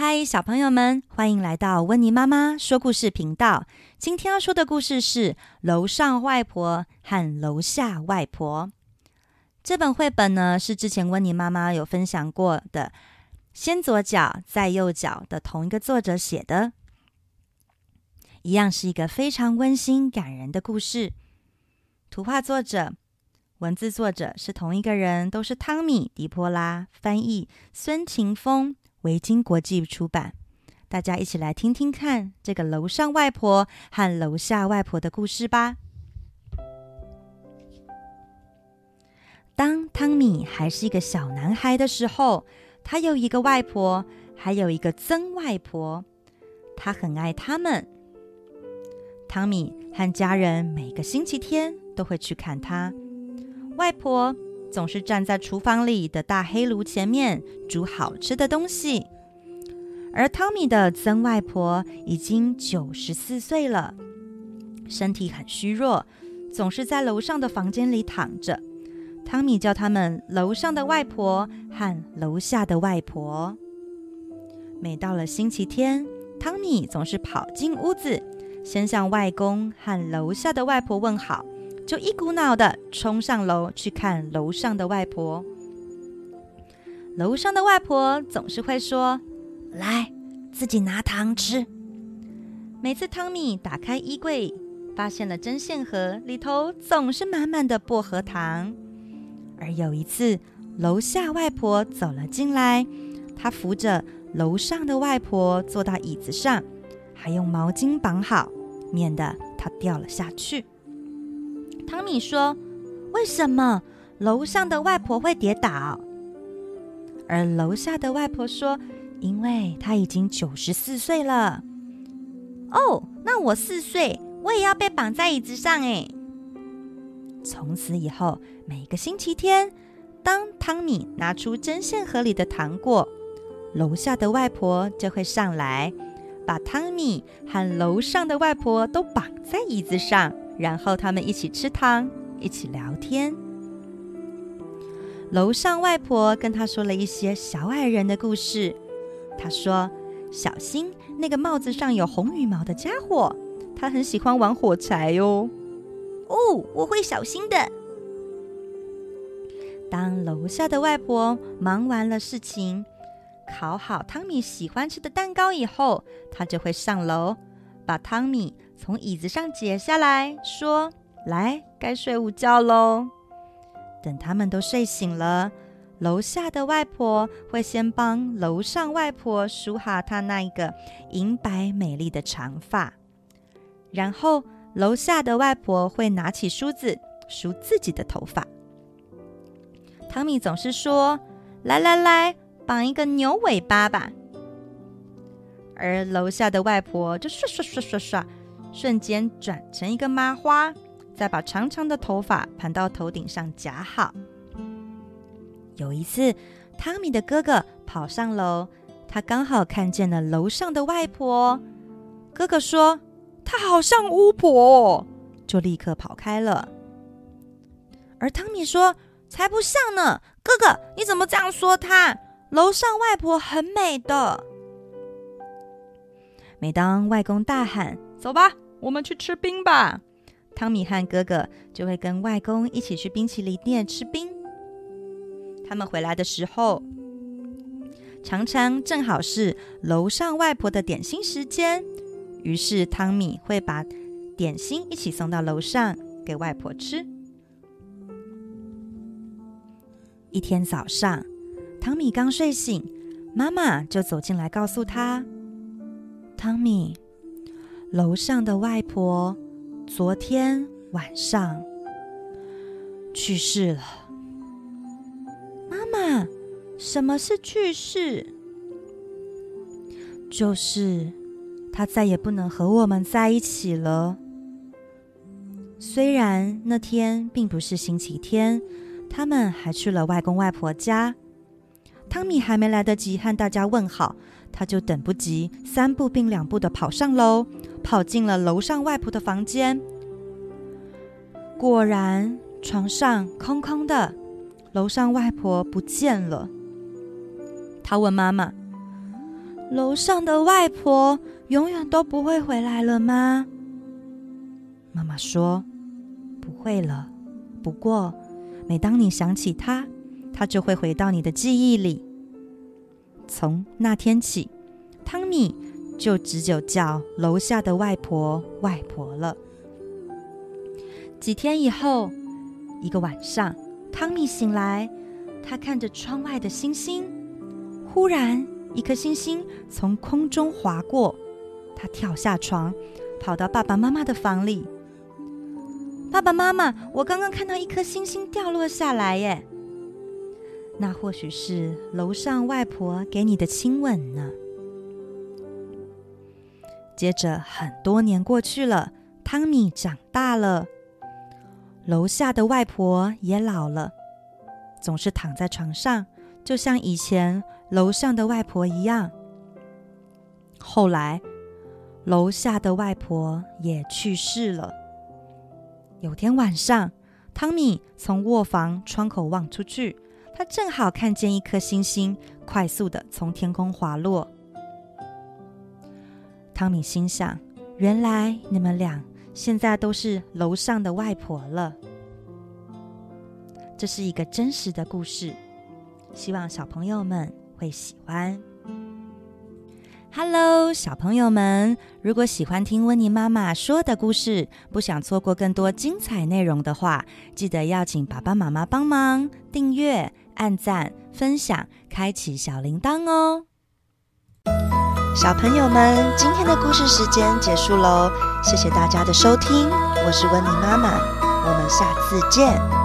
嗨，Hi, 小朋友們，歡迎來到溫妮媽媽說故事頻道。今天要說的故事是《樓上外婆和樓下外婆》。這本繪本呢，是之前溫妮媽媽有分享過的，《先左腳再右腳》的同一個作者寫的，一樣是一個非常溫馨感人的故事。圖畫作者、文字作者是同一個人，都是湯米·狄波拉。翻譯：孫晴峰。維京國際出版，大家一起來聽聽看這個樓上外婆和樓下外婆的故事吧。當湯米還是一個小男孩的時候，他有一個外婆，還有一個曾外婆，他很愛他們。湯米和家人每個星期天都會去看他外婆。總是站在廚房裡的大黑爐前面煮好吃的東西，而湯米的曾外婆已經九十四歲了，身體很虛弱，總是在樓上的房間裡躺着湯米叫他們樓上的外婆和樓下的外婆。每到了星期天，湯米總是跑進屋子，先向外公和樓下的外婆問好，就一股腦的衝上樓去看樓上的外婆。樓上的外婆總是會說：“來，自己拿糖吃。”每次湯米打開衣櫃，發現了針線盒，裡頭總是滿滿的薄荷糖。而有一次，樓下外婆走了進來，她扶着樓上的外婆坐到椅子上，還用毛巾綁好，免得她掉了下去。湯米說：“為什麼樓上的外婆會跌倒？”而樓下的外婆說：“因為她已經九十四歲了。”哦，那我四歲，我也要被綁在椅子上誒。從此以後，每個星期天，當湯米拿出針線盒裡的糖果，樓下的外婆就會上來，把湯米和樓上的外婆都綁在椅子上。然後他們一起吃糖，一起聊天。樓上外婆跟他說了一些小矮人的故事。他說：“小心那個帽子上有紅羽毛的家伙，他很喜歡玩火柴喲、哦。”“哦，我會小心的。”當樓下的外婆忙完了事情，烤好湯米喜歡吃的蛋糕以後，他就會上樓。把湯米從椅子上解下來，說：“來，該睡午覺嘍。”等他們都睡醒了，樓下的外婆會先幫樓上外婆梳好她那一個銀白美麗的長髮，然後樓下的外婆會拿起梳子梳自己的頭髮。湯米總是說：“來來來，綁一個牛尾巴吧。”而樓下的外婆就唰唰唰唰唰，瞬間轉成一個麻花，再把長長的頭髮盤到頭頂上夾好。有一次，湯米的哥哥跑上樓，他剛好看見了樓上的外婆。哥哥說：“她好像巫婆。”就立刻跑開了。而湯米說：“才不像呢，哥哥，你怎麼這樣說她？樓上外婆很美的。”每當外公大喊“走吧，我們去吃冰吧”，湯米和哥哥就會跟外公一起去冰淇淋店吃冰。他們回來的時候，常常正好是樓上外婆的點心時間，於是湯米會把點心一起送到樓上給外婆吃。一天早上，湯米剛睡醒，媽媽就走進來告訴他。湯米，Tommy，樓上的外婆昨天晚上去世了。媽媽，什麼是去世？「就是她再也不能和我們在一起了。雖然那天並不是星期天，他們還去了外公外婆家。湯米還沒來得及和大家問好。他就等不及，三步併兩步的跑上樓，跑進了樓上外婆的房間。果然，床上空空的，樓上外婆不見了。他問媽媽：“樓上的外婆永遠都不會回來了嗎？”媽媽說：“不會了，不過每當你想起她，她就會回到你的記憶裡。”從那天起，湯米就只有叫樓下的外婆外婆了。幾天以後，一個晚上，湯米醒來，他看着窗外的星星，忽然一顆星星從空中劃過，他跳下床，跑到爸爸媽媽的房裡。爸爸媽媽，我剛剛看到一顆星星掉落下來耶！那或許是樓上外婆給你的親吻呢。接着，很多年過去了，湯米長大了，樓下的外婆也老了，總是躺在床上，就像以前樓上的外婆一樣。後來，樓下的外婆也去世了。有天晚上，湯米從臥房窗口望出去。他正好看見一顆星星快速的從天空滑落。湯米心想：“原來你們倆現在都是樓上的外婆了。”這是一個真實的故事，希望小朋友們會喜歡。Hello，小朋友們，如果喜歡聽溫妮媽媽說的故事，不想錯過更多精彩內容的話，記得要請爸爸媽媽幫忙訂閱。按讚、分享、開啟小鈴鐺哦！小朋友們，今天的故事時間結束嘍，謝謝大家的收聽，我是溫妮媽媽，我們下次見。